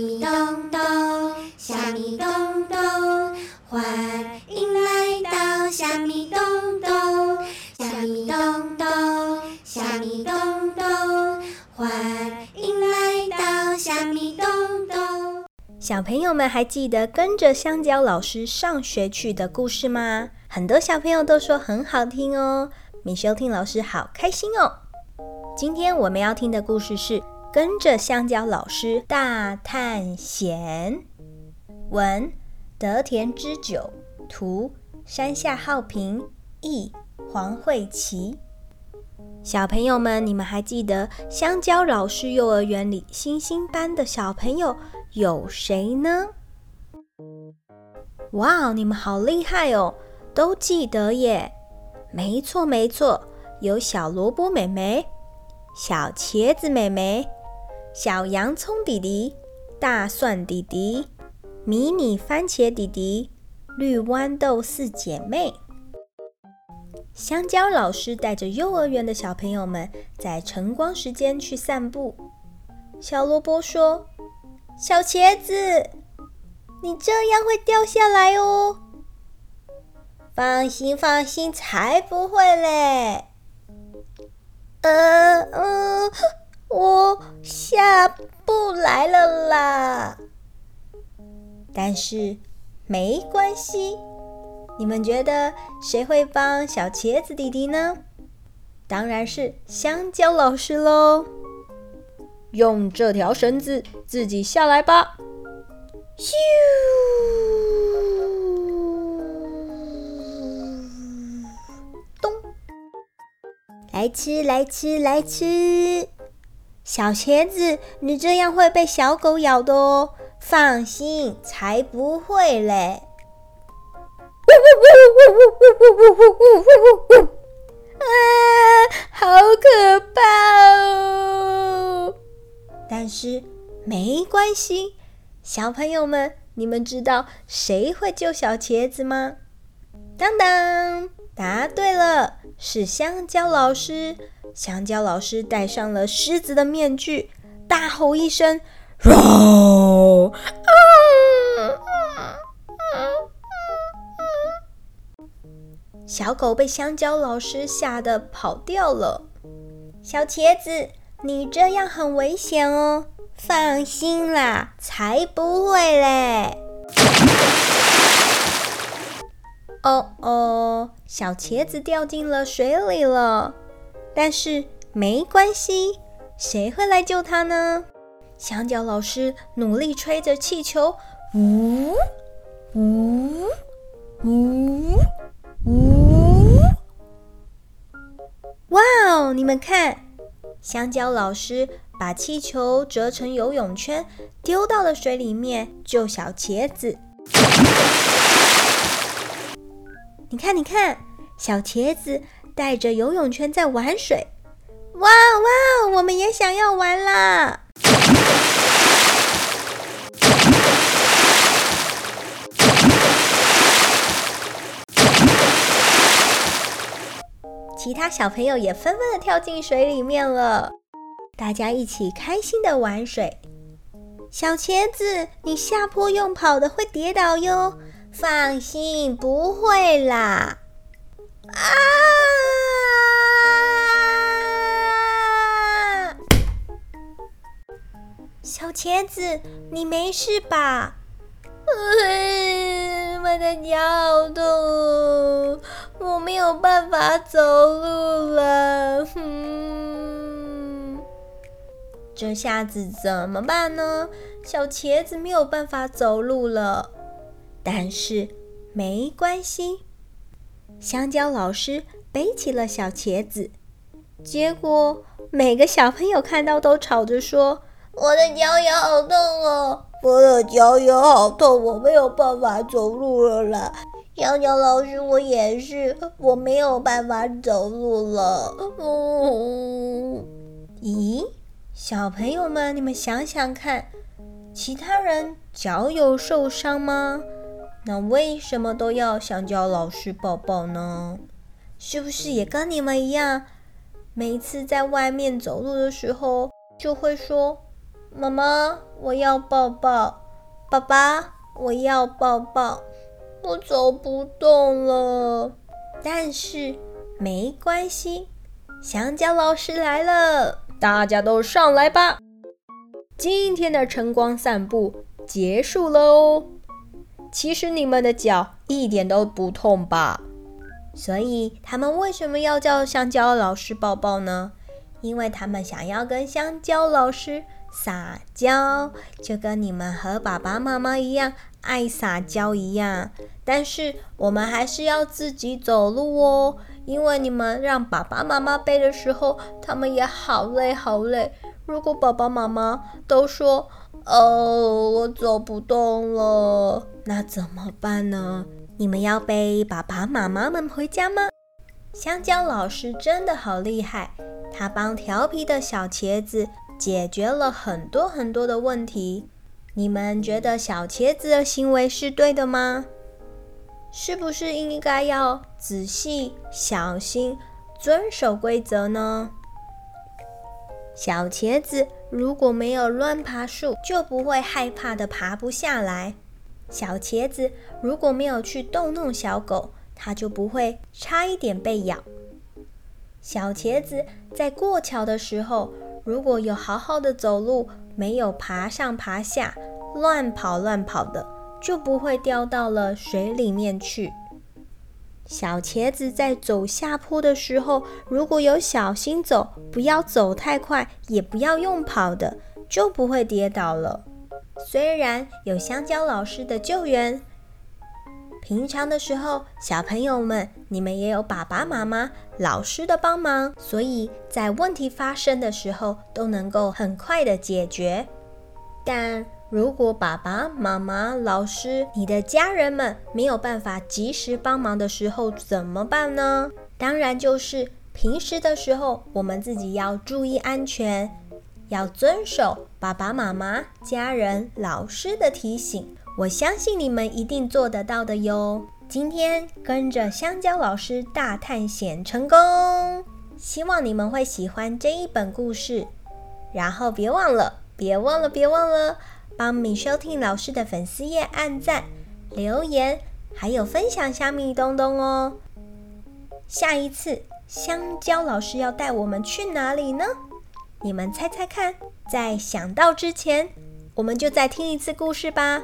米咚咚，蝦米咚咚，歡迎來到蝦米咚咚。蝦米咚咚，蝦米咚咚，歡迎來到蝦米咚咚。小朋友們還記得跟着香蕉老師上學去的故事嗎？很多小朋友都說很好聽哦，米修聽老師好開心哦。今天我們要聽的故事是。跟着香蕉老師大探險，文得田之久，圖山下浩平，譯黃慧琪。小朋友們，你們還記得香蕉老師幼兒園裡星星班的小朋友有誰呢？哇，wow，你們好厲害哦，都記得耶！沒錯沒錯，有小蘿卜妹妹，小茄子妹妹。小洋蔥弟弟、大蒜弟弟、迷你番茄弟弟、綠豌豆四姐妹，香蕉老師帶着幼兒園的小朋友們在晨光時間去散步。小蘿蔔說：“小茄子，你這樣會掉下來哦！”放心，放心，才不會嘞！呃，嗯、呃。我下不來了啦，但是沒關係。你們覺得誰會幫小茄子弟弟呢？當然是香蕉老師嘍。用這條繩子自己下來吧。咻！咚！來吃來吃來吃！來吃來吃小茄子，你這樣會被小狗咬的哦！放心，才不會嘞！嗚嗚嗚嗚嗚嗚嗚嗚嗚嗚嗚！啊，好可怕哦！但是沒關係，小朋友們，你們知道誰會救小茄子嗎？當當，答對了，是香蕉老師。香蕉老師戴上了獅子的面具，大吼一聲：“嗷！”小狗被香蕉老師嚇得跑掉了。小茄子，你這樣很危險哦！放心啦，才不會嘞！哦哦，小茄子掉進了水裡了。但是沒關係，誰會來救他呢？香蕉老師努力吹着氣球，嗚嗚嗚嗚！哇哦，你們看，香蕉老師把氣球折成游泳圈，丟到了水裡面救小茄子。你看，你看，小茄子。帶着游泳圈在玩水哇，哇哇！我們也想要玩啦！其他小朋友也紛紛的跳進水裡面了，大家一起開心的玩水。小茄子，你下坡用跑的會跌倒喲，放心，不會啦！啊！小茄子，你沒事吧？呃，我的腳好痛，我沒有辦法走路了。哼、嗯，這下子怎麼辦呢？小茄子沒有辦法走路了，但是沒關係。香蕉老師背起了小茄子，結果每個小朋友看到都吵着說：“我的腳也好痛哦，我的腳也好痛，我沒有辦法走路了啦。”香蕉老師，我也是，我沒有辦法走路了。嗯，咦，小朋友們，你們想想看，其他人腳有受傷嗎？那為什麼都要香蕉老師抱抱呢？是不是也跟你們一樣，每次在外面走路的時候就會說：“媽媽，我要抱抱；爸爸，我要抱抱，我走不動了。”但是沒關係，香蕉老師來了，大家都上來吧。今天的晨光散步結束嘍。其實你們的腳一點都不痛吧？所以他們為什麼要叫香蕉老師抱抱呢？因為他們想要跟香蕉老師撒嬌，就跟你們和爸爸媽媽一樣愛撒嬌一樣。但是我們還是要自己走路哦，因為你們讓爸爸媽媽背的時候，他們也好累好累。如果爸爸媽媽都說，哦，我走不動了，那怎麼辦呢？你們要背爸爸媽媽們回家嗎？香蕉老師真的好厲害，他幫調皮的小茄子解決了很多很多的問題。你們覺得小茄子的行為是對的嗎？是不是應該要仔細、小心、遵守規則呢？小茄子如果沒有亂爬樹，就不會害怕的爬不下來。小茄子如果沒有去逗弄小狗，它就不會差一點被咬。小茄子在過橋的時候，如果有好好的走路，沒有爬上爬下、亂跑亂跑的，就不會掉到了水裡面去。小茄子在走下坡的時候，如果有小心走，不要走太快，也不要用跑的，就不會跌倒了。雖然有香蕉老師的救援，平常的時候，小朋友們你們也有爸爸媽媽、老師的幫忙，所以在問題發生的時候都能夠很快的解決。但如果爸爸媽媽、老師、你的家人們沒有辦法及時幫忙的時候，怎麼辦呢？當然就是平時的時候，我們自己要注意安全，要遵守爸爸媽媽、家人、老師的提醒。我相信你們一定做得到的喲。今天跟着香蕉老師大探險成功，希望你們會喜歡這一本故事。然後別忘了，別忘了，別忘了。幫米小婷老師的粉絲頁按贊、留言，還有分享蝦米東東哦。下一次香蕉老師要帶我們去哪裡呢？你們猜猜看，在想到之前，我們就再聽一次故事吧。